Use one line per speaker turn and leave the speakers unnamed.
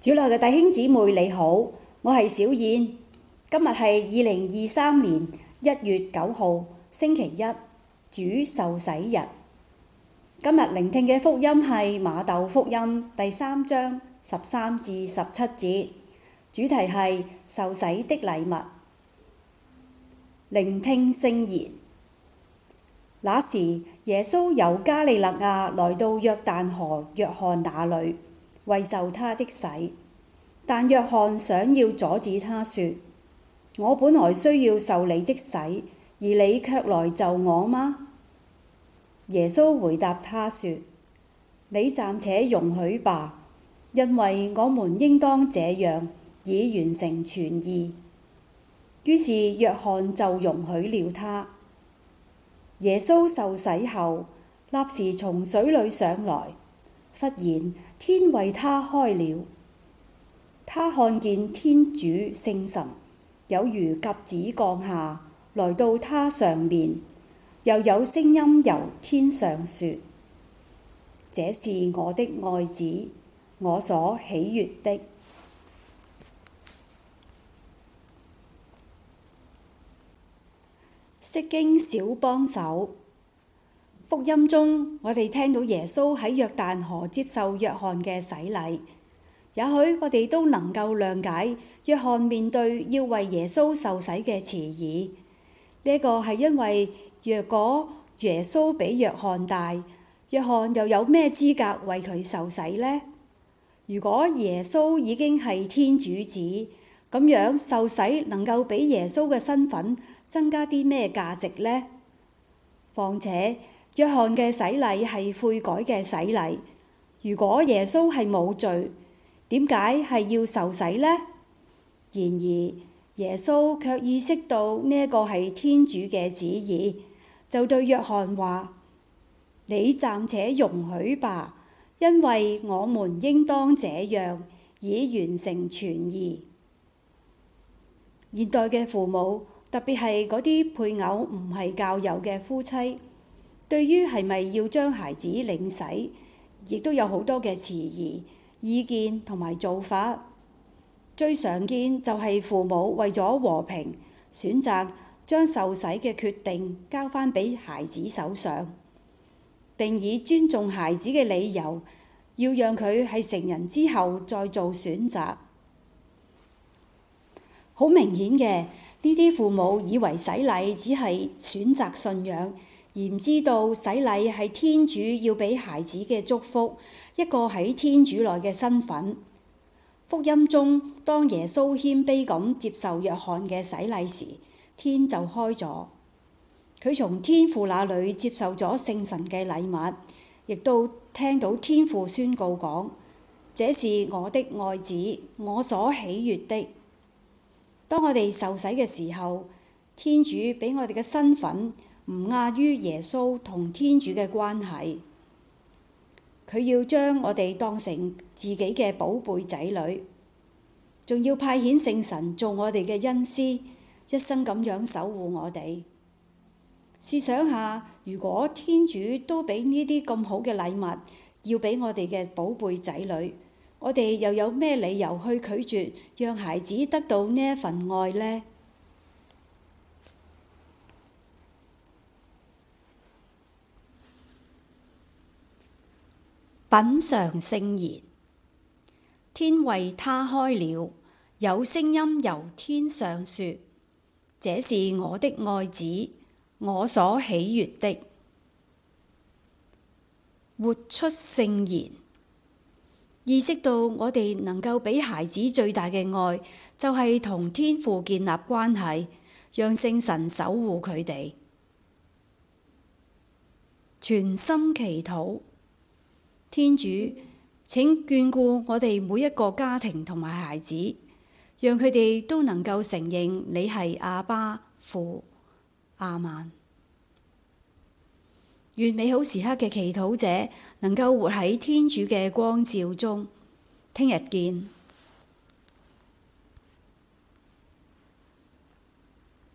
主內嘅弟兄姊妹你好，我係小燕。今日係二零二三年一月九號星期一，主受洗日。今日聆聽嘅福音係馬竇福音第三章十三至十七節，主題係受洗的禮物。聆聽聖言。那時耶穌由加里肋亞來到約旦河若翰那裏。為受他的洗，但若翰想要阻止他說，說：我本來需要受你的洗，而你卻來就我嗎？耶穌回答他說：你暫且容許吧，因為我們應當這樣，以完成全義。於是若翰就容許了他。耶穌受洗後，立時從水裏上來，忽然。天為他開了，他看見天主聖神有如鴿子降下來到他上面，又有聲音由天上説：這是我的愛子，我所喜悅的。釋經小幫手。福音中，我哋聽到耶穌喺約旦河接受若翰嘅洗禮。也許我哋都能夠諒解若翰面對要為耶穌受洗嘅遲疑。呢個係因為若果耶穌比若翰大，若翰又有咩資格為佢受洗呢？如果耶穌已經係天主子，咁樣受洗能夠俾耶穌嘅身份增加啲咩價值呢？況且，若翰嘅洗禮係悔改嘅洗禮。如果耶穌係冇罪，點解係要受洗呢？然而耶穌卻意識到呢一個係天主嘅旨意，就對若翰話：你暫且容許吧，因為我們應當這樣，以完成全義。現代嘅父母，特別係嗰啲配偶唔係教友嘅夫妻。對於係咪要將孩子領洗，亦都有好多嘅遲疑、意見同埋做法。最常見就係父母為咗和平，選擇將受洗嘅決定交翻俾孩子手上，並以尊重孩子嘅理由，要讓佢喺成人之後再做選擇。好明顯嘅，呢啲父母以為洗禮只係選擇信仰。而唔知道洗禮係天主要俾孩子嘅祝福，一個喺天主內嘅身份。福音中，當耶穌謙卑咁接受若翰嘅洗禮時，天就開咗。佢從天父那裏接受咗聖神嘅禮物，亦都聽到天父宣告講：「這是我的愛子，我所喜悦的。」當我哋受洗嘅時候，天主俾我哋嘅身份，唔亞於耶穌同天主嘅關係，佢要將我哋當成自己嘅寶貝仔女，仲要派遣聖神做我哋嘅恩師，一生咁樣守護我哋。試想下，如果天主都俾呢啲咁好嘅禮物要俾我哋嘅寶貝仔女，我哋又有咩理由去拒絕讓孩子得到呢一份愛呢？品嘗聖言，天為他開了，有聲音由天上說：這是我的愛子，我所喜悦的。活出聖言，意識到我哋能夠俾孩子最大嘅愛，就係、是、同天父建立關係，讓聖神守護佢哋，全心祈禱。天主，請眷顧我哋每一個家庭同埋孩子，讓佢哋都能夠承認你係阿爸父，阿們。願美好時刻嘅祈禱者能夠活喺天主嘅光照中。聽日見。